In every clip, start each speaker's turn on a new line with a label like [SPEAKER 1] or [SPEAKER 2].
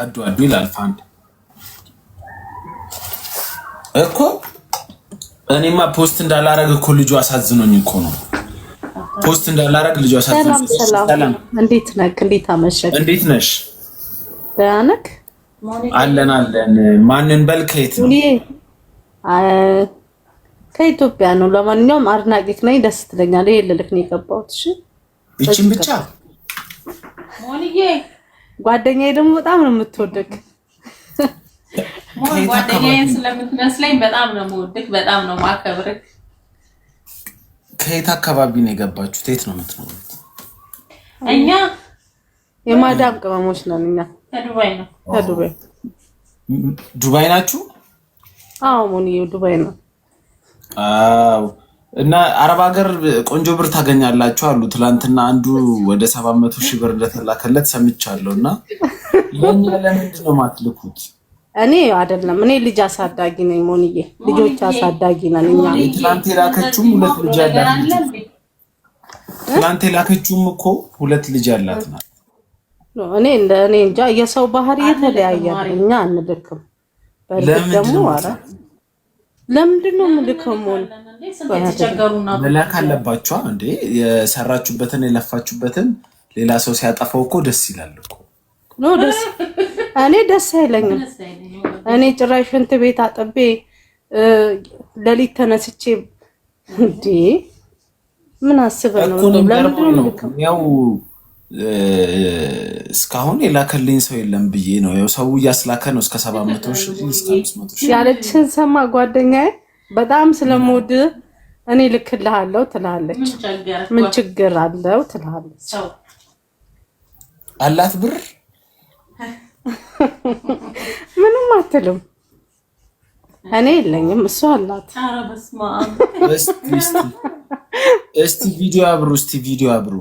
[SPEAKER 1] አዱ አዱ ይላል ፋንድ እኮ እኔማ ፖስት እንዳላረግ እኮ ልጁ አሳዝኖኝ እኮ ነው። ፖስት እንዳላረግ ልጁ አሳዝኖኝ።
[SPEAKER 2] ሰላም፣ እንዴት ነህ? እንዴት አመሸህ? እንዴት ነሽ? ደህና ነህ?
[SPEAKER 1] አለን አለን። ማንን በል። ከየት ነው?
[SPEAKER 2] ከኢትዮጵያ ነው። ለማንኛውም አድናቂክ ነኝ። ደስ ትለኛለህ። ይሄ ልልክ ነው የገባሁት። እሺ፣
[SPEAKER 1] ይቺን ብቻ
[SPEAKER 3] ሞኒዬ
[SPEAKER 2] ጓደኛዬ ደግሞ በጣም ነው የምትወደቅ።
[SPEAKER 3] ጓደኛዬን ስለምትመስለኝ በጣም ነው የምወድቅ፣ በጣም ነው የማከብርህ።
[SPEAKER 1] ከየት አካባቢ ነው የገባችሁት? የት ነው የምትኖሩት?
[SPEAKER 3] እኛ
[SPEAKER 2] የማዳም ቅመሞች ነን። እኛ ከዱባይ ነው። ከዱባይ ዱባይ ናችሁ? አዎ ሞኒዬ ዱባይ ነው።
[SPEAKER 1] አዎ እና አረብ ሀገር ቆንጆ ብር ታገኛላችሁ አሉ። ትላንትና አንዱ ወደ ሰባት መቶ ሺህ ብር እንደተላከለት ሰምቻለሁ። እና ለእኛ ለምንድን ነው ማትልኩት?
[SPEAKER 2] እኔ አይደለም እኔ ልጅ አሳዳጊ ነኝ፣ ሞንዬ ልጆች አሳዳጊ ነን እኛ።
[SPEAKER 1] ትላንት የላከችውም ሁለት ልጅ አላት። ትላንት የላከችውም እኮ ሁለት ልጅ አላት ናት።
[SPEAKER 2] እኔ እንደ እኔ እንጃ የሰው ባህሪ የተለያየ እኛ አንልክም። በልክ ደግሞ አረ ለምንድን ነው የምልከው?
[SPEAKER 1] መላክ አለባቸዋ እንዴ! የሰራችሁበትን የለፋችሁበትን ሌላ ሰው ሲያጠፋው እኮ ደስ ይላል እኮ።
[SPEAKER 2] እኔ ደስ አይለኝም። እኔ ጭራሽ ሽንት ቤት አጥቤ ለሊት ተነስቼ እንዴ! ምን አስበ ነው?
[SPEAKER 1] ለምንድን ነው የምልከው? እስካሁን የላከልኝ ሰው የለም ብዬ ነው። ያው ሰው እያስላከ ነው እስከ ሰባት መቶ
[SPEAKER 2] ያለችን ሰማ ጓደኛዬ በጣም ስለምወድ እኔ ልክልሃለሁ ትላለች። ምን ችግር አለው ትላለች።
[SPEAKER 1] አላት ብር
[SPEAKER 2] ምንም አትልም። እኔ የለኝም እሱ አላት።
[SPEAKER 3] እስቲ
[SPEAKER 1] ቪዲዮ አብሩ፣ እስቲ ቪዲዮ አብሩ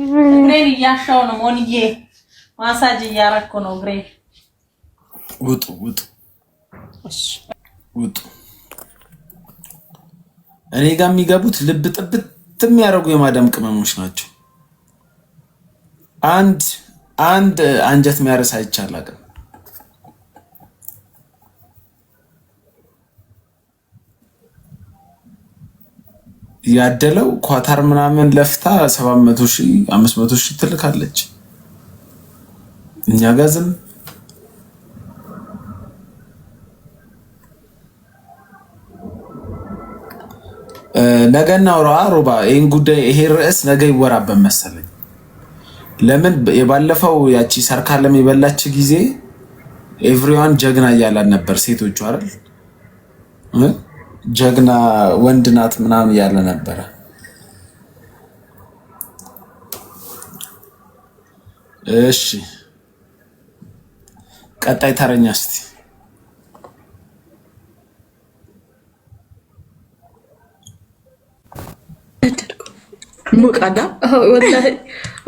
[SPEAKER 3] እግሬን እያሻው ነው ሞንዬ፣ ማሳጅ እያረኩ ነው እግሬ።
[SPEAKER 1] ውጡ ውጡ ውጡ። እኔ ጋር የሚገቡት ልብ ጥብት የሚያደርጉ የማዳም ቅመሞች ናቸው። አንድ አንድ አንጀት የሚያረስ አይቻል አቅም ያደለው ኳታር ምናምን ለፍታ ሰባት ሺህ አምስት ሺህ ትልካለች። እኛ ጋር ዝም ነገ ሮባ። ይህን ጉዳይ ይሄ ርዕስ ነገ ይወራበት መሰለኝ። ለምን የባለፈው ያቺ ሰርካለም የበላች ጊዜ ኤቭሪዋን ጀግና እያላን ነበር ሴቶቹ አይደል ጀግና ወንድ ናት ምናምን እያለ ነበረ። እሺ ቀጣይ ተረኛ እስቲ
[SPEAKER 4] ሙቃዳ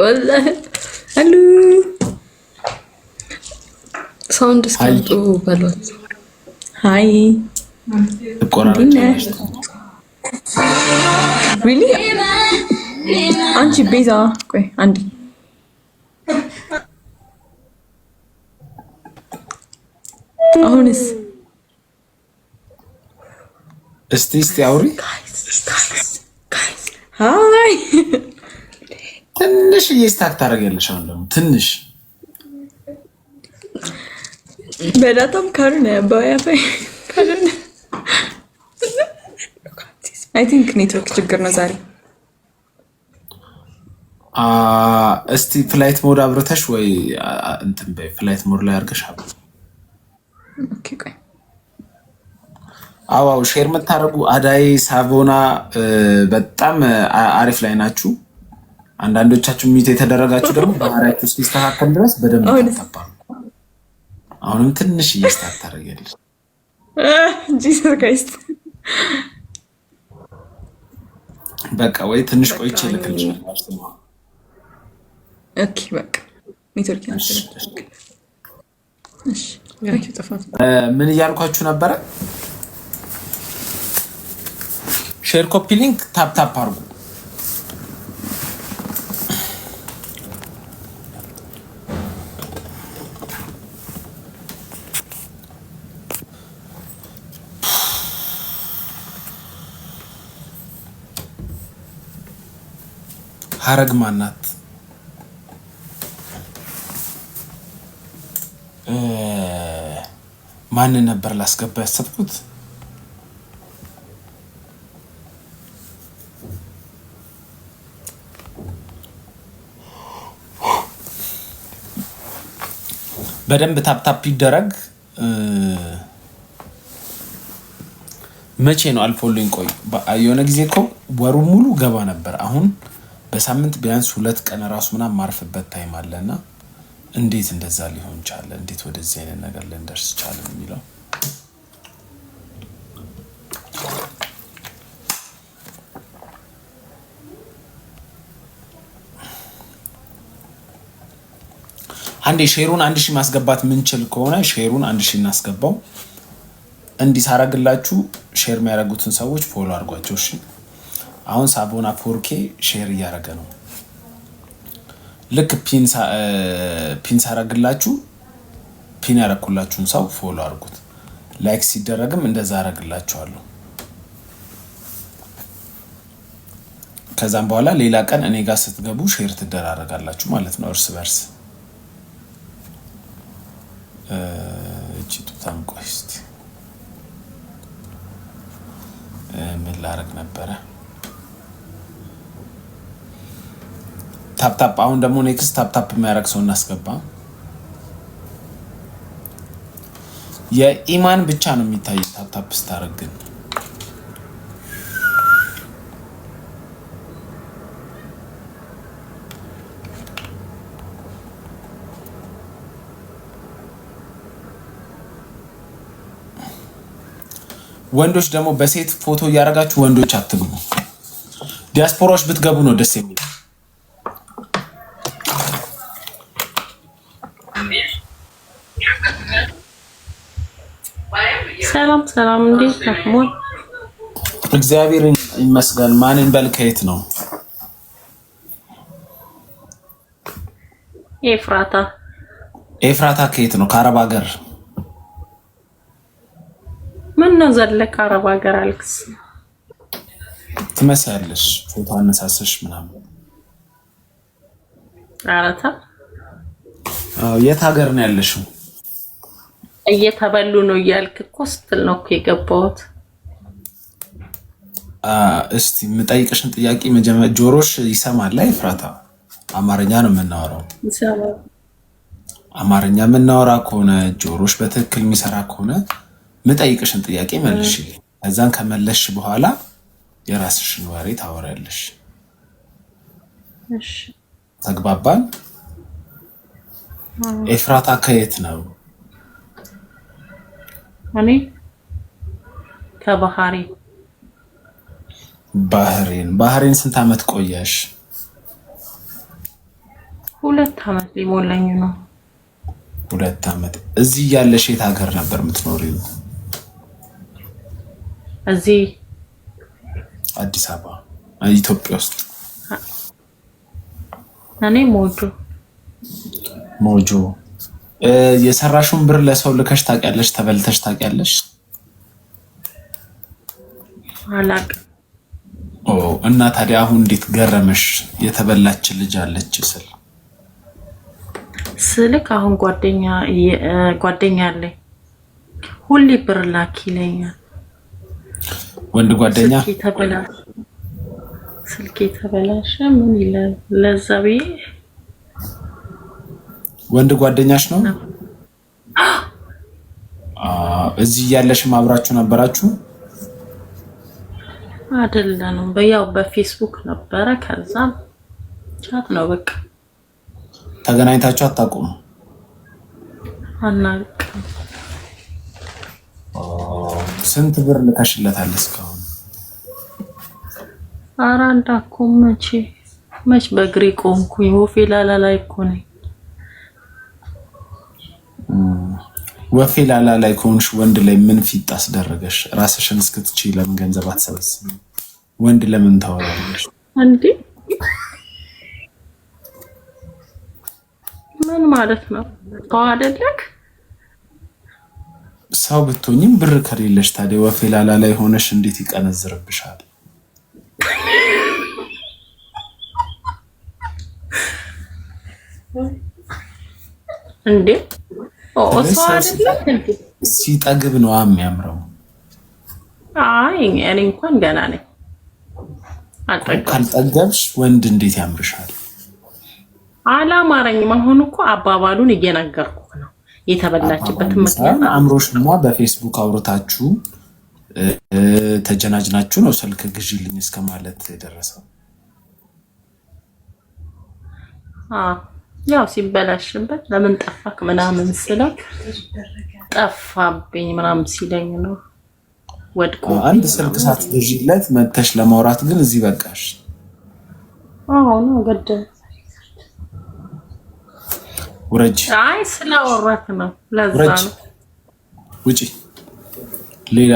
[SPEAKER 4] አሉ ሳውንድ ስቀምጡ በሏት። ሀይ አንቺ ቤዛ ቆይ አንዴ አሁንስ
[SPEAKER 1] እስቲ እስቲ አውሪ ሀይ ትንሽ እየስታክ ታደርጊያለሽ። አሁን ደግሞ ትንሽ
[SPEAKER 4] በዳታም ካልሆነ በያፋይ አይ ቲንክ ኔትወርክ ችግር ነው ዛሬ።
[SPEAKER 1] እስቲ ፍላይት ሞድ አብርተሽ ወይ እንትን በይ፣ ፍላይት ሞድ ላይ አድርገሽ አብ አዋው ሼር የምታደርጉ አዳይ ሳቮና በጣም አሪፍ ላይ ናችሁ። አንዳንዶቻችሁ ሚት የተደረጋችሁ ደግሞ ባህሪያችሁ እስኪስተካከል ድረስ በደንብ ተባሉ። አሁንም ትንሽ እየስታተረገልች
[SPEAKER 4] ጂሰስ ክራይስት
[SPEAKER 1] በቃ ወይ ትንሽ ቆይቼ እልክልሻለሁ። ምን እያልኳችሁ ነበረ? ሼር ኮፒ ሊንክ ታፕ ታፕ አድርጉ። ሀረግ ማናት? ማንን ነበር ላስገባ ያሰብኩት? በደንብ ታፕታፕ ይደረግ። መቼ ነው አልፎልኝ? ቆይ የሆነ ጊዜ እኮ ወሩ ሙሉ ገባ ነበር። አሁን በሳምንት ቢያንስ ሁለት ቀን ራሱ ምናምን ማርፍበት ታይም አለና እንዴት እንደዛ ሊሆን ቻለ? እንዴት ወደዚህ አይነት ነገር ልንደርስ ቻለ የሚለው አንዴ ሼሩን አንድ ሺህ ማስገባት ምንችል ከሆነ ሼሩን አንድ ሺህ እናስገባው። እንዲህ ሳረግላችሁ ሼር የሚያደርጉትን ሰዎች ፎሎ አድርጓቸው እሺ። አሁን ሳቦን አፎርኬ ሼር እያደረገ ነው። ልክ ፒን ሳረግላችሁ ፒን ያረኩላችሁን ሰው ፎሎ አድርጉት። ላይክ ሲደረግም እንደዛ አረግላችኋለሁ። ከዛም በኋላ ሌላ ቀን እኔ ጋር ስትገቡ ሼር ትደራረጋላችሁ ማለት ነው እርስ በርስ እጅቱታም ቆይ እስኪ ምን ላረግ ነበረ ታፕታፕ አሁን ደግሞ ኔክስት ታፕታፕ የሚያደርግ ሰው እናስገባ። የኢማን ብቻ ነው የሚታይ ታፕታፕ ስታደርግ ግን ወንዶች ደግሞ በሴት ፎቶ እያደረጋችሁ ወንዶች አትግቡ። ዲያስፖራዎች ብትገቡ ነው ደስ የሚል።
[SPEAKER 2] ሰላም ሰላም፣ እንዴት ነው?
[SPEAKER 1] እግዚአብሔር ይመስገን። ማንን በል ነው? ኤፍራታ ኤፍራታ ከየት ነው? ከአረብ ሀገር።
[SPEAKER 2] ምን ነው ዘለ አረብ ሀገር አልክስ
[SPEAKER 1] ትመስያለሽ። ፎቶ አነሳሰሽ ምናምን። ኧረ ተው። የት ሀገር ነው ያለሽው?
[SPEAKER 2] እየተበሉ ነው እያልክ እኮ ስትል ነው እኮ የገባሁት።
[SPEAKER 1] እስቲ የምጠይቅሽን ጥያቄ መጀመ ጆሮሽ ይሰማል ላይ ፍራታ አማርኛ ነው የምናወራው። አማርኛ የምናወራ ከሆነ ጆሮሽ በትክክል የሚሰራ ከሆነ የምጠይቅሽን ጥያቄ መልሽ። ከዛን ከመለሽ በኋላ የራስሽን ወሬ ታወሪያለሽ። ተግባባን? ኤፍራታ ከየት ነው?
[SPEAKER 2] እኔ ከባህሬን
[SPEAKER 1] ባህሬን ባህሬን ስንት አመት ቆያሽ?
[SPEAKER 2] ሁለት አመት ሊሞላኝ ነው።
[SPEAKER 1] ሁለት አመት እዚህ ያለሽ የት ሀገር ነበር የምትኖሪው? እዚህ አዲስ አበባ ኢትዮጵያ ውስጥ። እኔ ሞጆ ሞጆ የሰራሽውን ብር ለሰው ልከሽ ታውቂያለሽ? ተበልተሽ ታውቂያለሽ? አላውቅም። እና ታዲያ አሁን እንዴት ገረመሽ? የተበላች ልጅ አለች ስል
[SPEAKER 2] ስልክ አሁን ጓደኛ ጓደኛ አለኝ ሁሌ ብር ላኪ ይለኛል። ወንድ ጓደኛ ስልኬ ተበላሸ ምን ይላል ለዛ ብዬ
[SPEAKER 1] ወንድ ጓደኛሽ ነው? እዚህ እያለሽም አብራችሁ ነበራችሁ?
[SPEAKER 2] አይደለንም። በያው በፌስቡክ ነበረ። ከዛ ቻት ነው በቃ።
[SPEAKER 1] ተገናኝታችሁ አታውቁም?
[SPEAKER 2] አናውቅም።
[SPEAKER 1] ስንት ብር ልከሽለታል እስካሁን?
[SPEAKER 2] ኧረ እንዳኮ መቼ መች በእግሬ ቆምኩኝ። ሆፌ ላላ ላይ እኮ ነኝ
[SPEAKER 1] ወፌ ላላ ላይ ከሆንሽ ወንድ ላይ ምን ፊት አስደረገሽ? ራስሽን እስክትች ለምን ገንዘብ አትሰበስብ? ወንድ ለምን ታወራለሽ?
[SPEAKER 2] ምን ማለት ነው? ተዋደለክ
[SPEAKER 1] ሰው ብትሆኝም ብር ከሌለሽ ታዲያ ወፌ ላላ ላይ ሆነሽ እንዴት ይቀነዝርብሻል? እንዴ ሲጠግብ ነው የሚያምረው።
[SPEAKER 2] አይ እኔ እንኳን ገና ነኝ።
[SPEAKER 1] ካልጠገብሽ ወንድ እንዴት ያምርሻል?
[SPEAKER 2] አላማረኝም። አሁን እኮ አባባሉን እየነገርኩ ነው። የተበላችበት
[SPEAKER 1] ምክንያት ማ በፌስቡክ አውርታችሁ ተጀናጅናችሁ ነው ስልክ ግዢልኝ እስከ ማለት የደረሰው።
[SPEAKER 2] ያው ሲበላሽበት ለምን ጠፋክ ምናምን ስለው ጠፋብኝ ምናምን ሲለኝ ነው
[SPEAKER 1] ወድቆ። አንድ ስልክ ሳትገዢለት መተሽ ለማውራት ግን እዚህ በቃሽ። ነው ገደ ውረጅ።
[SPEAKER 2] አይ ስላወራት ነው ለዛ ነው
[SPEAKER 1] ውጪ ሌላ